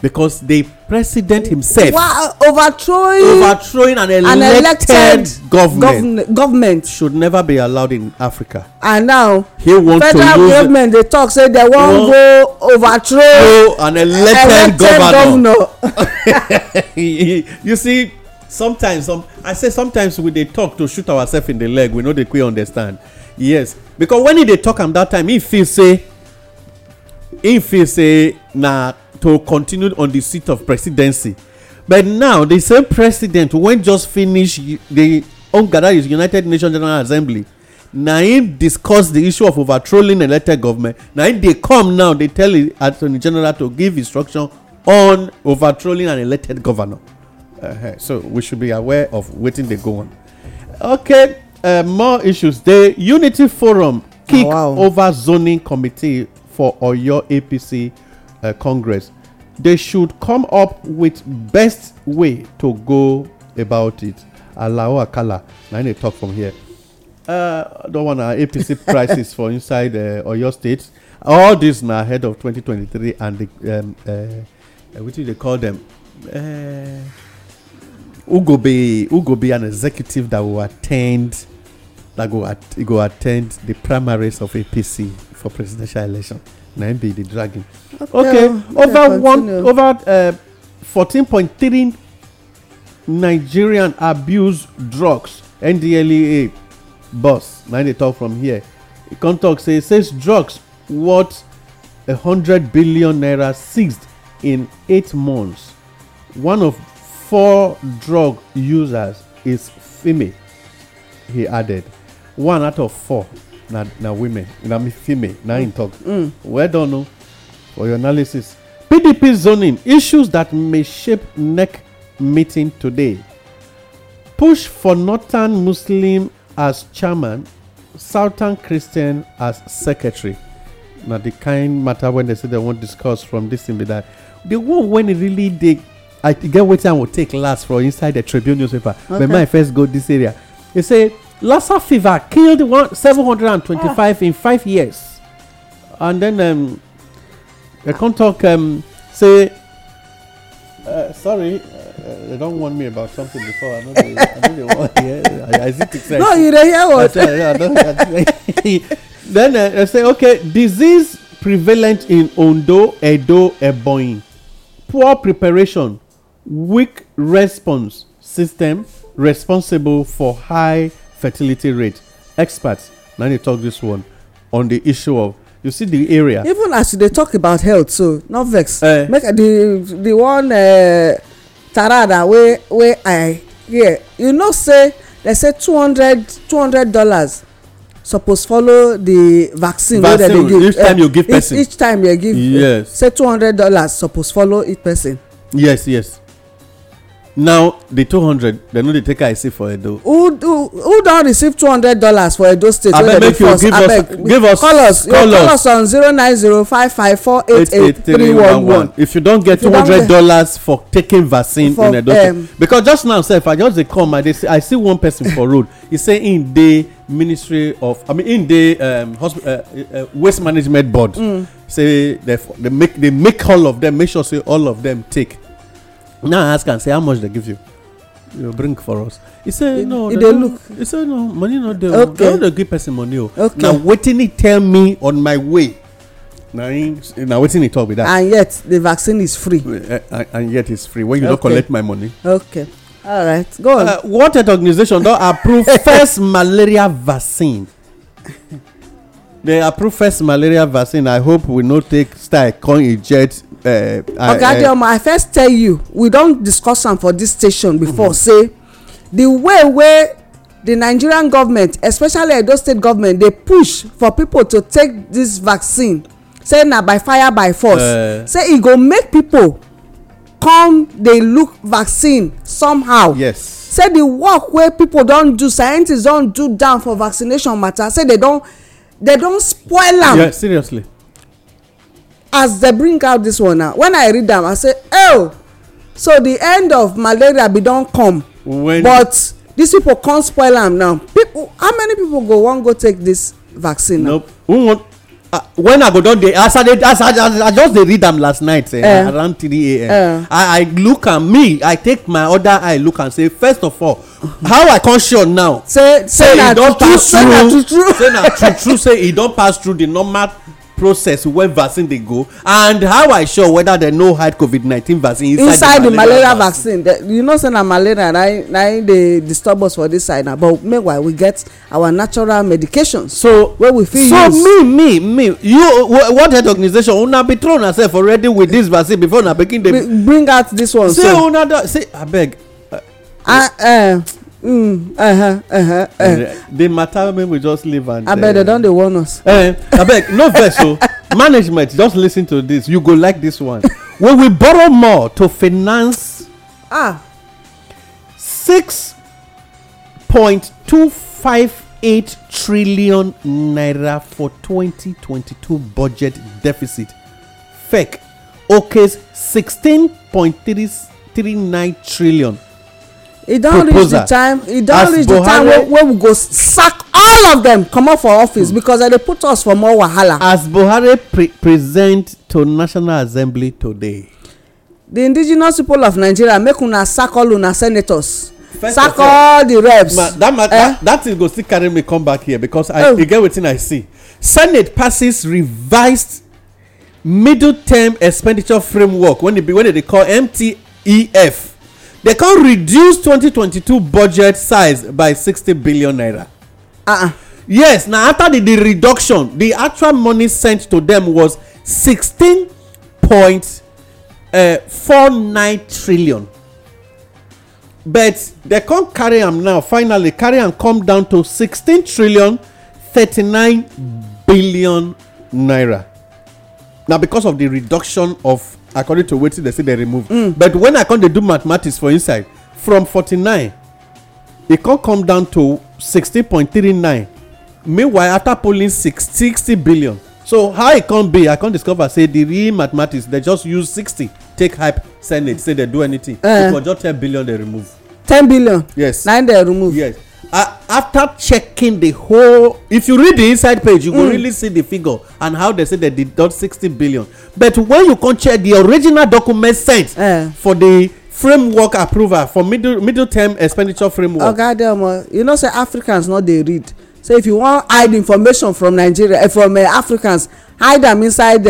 because the president himself. Wow, overthrowing overthrowing an elected, an elected government, government should never be allowed in Africa. And now he want federal to use government they talk say they wan go overthrow an elected, elected governor. governor. you see sometimes some I say sometimes we dey talk to shoot ourselves in the leg we no dey quick understand yes because when he dey talk am that time he feel say he feel say na to continue on the seat of presidency but now the same president when just finished the ongada united nations general assembly na him discuss the issue of overthrowing elected government Now, if they come now they tell the attorney general to give instruction on overthrowing an elected governor uh so we should be aware of waiting. They go on okay uh, more issues the unity forum kick oh, wow. over zoning committee for oyo apc uh, Congress, they should come up with best way to go about it. Alao Akala, I need talk from here. Uh, don't want our APC prices for inside uh, or your State. All this now ahead of 2023 and the um, uh, uh which they call them. Uh, Ugobe Ugobe an executive that will attend that go, at, go attend the primaries of APC for presidential election na be the dragging. okay, okay over one over uh, fourteen point three nigerian abuse drugs ndlea boss na dey talk from here e come talk say says drugs worth a hundred billion naira seized in eight months one of four drug users is female he added one out of four na na women na female na im tok mm. well done o oh, for your analysis pdp zoning issues that may shape nec meeting today push for northern muslim as chairman southern christian as secretary na the kind matter wey dem say dem wan discuss from dis thing be that the one wey really dey i get wetin i go take last for inside the tribune newspaper okay. but mine first go this area e say Lassa fever killed one, 725 ah. in five years. And then um, they can't talk, um, say, uh, sorry, uh, uh they don't want me about something before. I know they, I know they want yeah, I, I No, you don't hear what? then uh, they say, okay, disease prevalent in Ondo, Edo, Ebony. Poor preparation, weak response system responsible for high fertility rate experts now they talk this one on the issue of you see the area. even as you dey talk about health so no vex. Uh, make the the one uh, tarada wey wey i hear yeah, you know say they say two hundred two hundred dollars suppose follow the vaccine, vaccine wey dem dey give each time you eh, give person each, each time you give yes say two hundred dollars suppose follow each person. yes yes now the two hundred dem no dey take eye see for edo. who who who don receive two hundred dollars for edo state wey dem dey force abeg give us call us call us on zero nine zero five five four eight eight three one one. if you don get two hundred dollars for taking vaccine for, in edo state um, because just now sef i just dey come i dey see i see one person for road he say him dey ministry of i mean in the um, uh, uh, uh, waste management board mm. say they, they make they make all of them make sure say all of them take Now ask and say how much they give you. You bring for us. He say no. He dey look. He say no. Money no dey. Okay. They no dey give person money o. Oh. Okay. Na wetin he tell me on my way. na him na wetin he talk be that. and yet the vaccine is free. Uh, and, yet it's free when you okay. don collect my money. okay all right go on. Uh, world health organization don approve first malaria vaccine they approve first malaria vaccine i hope we no take style come eject. Okay, uh, uh, uh, adeoma i first tell you we don discuss am for dis station before mm-hmm. say the way wey the nigerian government especially edo state government dey push for people to take this vaccine say na by fire by force say e go make people come dey look vaccine somehow yes say the work wey people don do scientists don do down for vaccination matter say they don spoil am seriously as they bring out this one now when i read am i say oh so the end of malaria be don come but dis people come spoil am now People, how many people go wan go take this vaccine now nope uh, when i go don dey as i i just dey read am last night eh, eh. around 3am eh. i i look am me i take my other eye look am say first of all how i come sure now say say e don pass through say na true true say e don pass through the normal process wey vaccine dey go and how i sure whether dem no hide covid nineteen vaccine inside, inside the malaria, malaria vaccine, vaccine. The, you know say na malaria na na e dey disturb us for this side na but meanwhile we get our natural medication so wey we fit so use. so me me me you world health organization una be throw unasef already with this vaccine before una begin dey. bring out this one say so. say una don say abeg. Uh, uh, Mm, uh-huh, uh-huh, uh. uh the matter wey we just leave and. abeg dem uh, don dey warn us. Uh, abeg no vex o management just lis ten to this you go like this one when we borrow more to finance. ah. six point two five eight trillion naira for twenty twenty two budget deficit fake okays sixteen point three three nine trillion e don reach the time e don reach the time wey we go sack all of dem comot for office hmm. because dem dey put us for more wahala as buhari present to national assembly today the indigenous people of nigeria make una sack all una senators sack all the reps eh that thing go still carry me come back here i oh. you get wetin i see senate passes revised middle term expenditure framework wey dem dey call mtef they can reduce 2022 budget size by 60 billion naira uh-uh. yes na after the, the reduction the actual money sent to them was 16.49 uh, trillion but they can carry am now finally carry am come down to 16 trillion 39 billion naira na because of the reduction of according to wetin dem say dem remove mm. but when i come dey do mathematics for inside from forty nine, e come come down to point three nine. meanwhile after polling sixty billion so how e come be i come discover say the real mathematics dey just use sixty. take hype senate say dey do anything uh, eh. because just ten billion dey remove ten billion yes nine dey remove yes after checking the whole if you read the inside page you go mm. really see the figure and how they say they deduct sixty billion but when you come check the original document sent eh. for the framework approval for middle middle term expenditure framework oga adeomo you know say africans no dey read so if you wan hide information from nigeria eh, from eh, africans hide am inside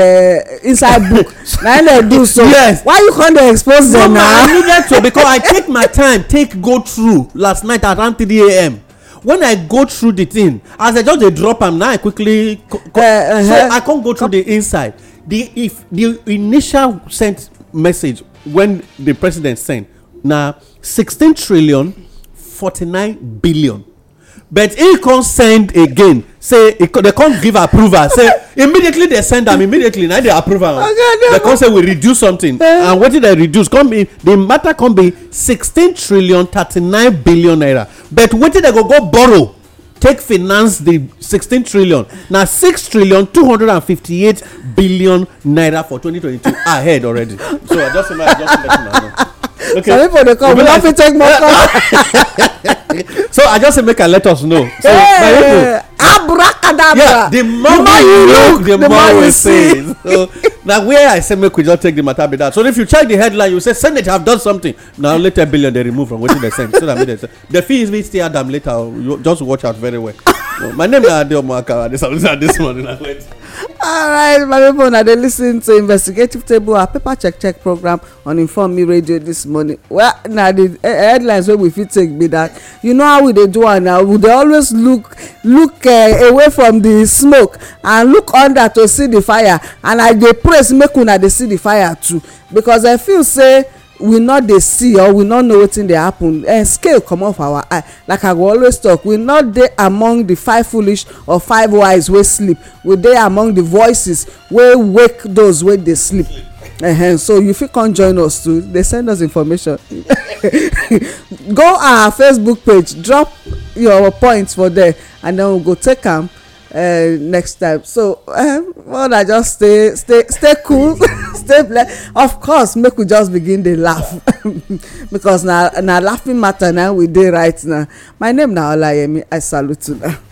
inside book na im dey do so yes. why you come dey expose them na no ma i needed to because i take my time take go through last night at around three am when i go through the thing as i just dey drop am now i quickly uh, so uh-huh. i come go through the inside the if the initial sent message when the president send na sixteen trillion forty nine billion but he come send again say they come give approval say immediately they send am immediately na they approve am they come say we reduce something eh? and wetin they reduce come be the matter come be sixteen trillion thirty-nine billion naira but wetin they go go borrow take finance the sixteen trillion na six trillion two hundred and fifty-eight billion naira for twenty twenty-two ahead already so i just say my i just let you okay. some people dey call, we have to take more call. so i just say make and let us know. so hey, people. abracadabra yeah, the more, the more you look, the, the more, you see. so na where i say make we just take the matter be that so if you check the headline you say senate have done something Now later, billion they remove from what they send so that means dem the fee fit stay adam later just watch out very well. so, my name na adeomo This is this morning i wait alright my people na dey lis ten to investigative table our paper check check program on inform me radio this morning well na the eh, eh, headlines wey we fit take be that you know how we dey do am now we dey always look look uh, away from the smoke and look under to see the fire and i dey praise make una dey see the fire too because i feel say we no dey see or we no know wetin dey happen uh, scale comot for our eye like i go always talk we no dey among the five foolish or five wise wey sleep we dey among the voices wey wake those wey dey sleep uh -huh. so you fit come join us too dey send us information go our facebook page drop your points for there and then we go take am uh, next time so um, I just stay stay stay cool stay blessed of course make we just begin the laugh because now, now laughing matter now we do right now my name now olayemi i salute you now.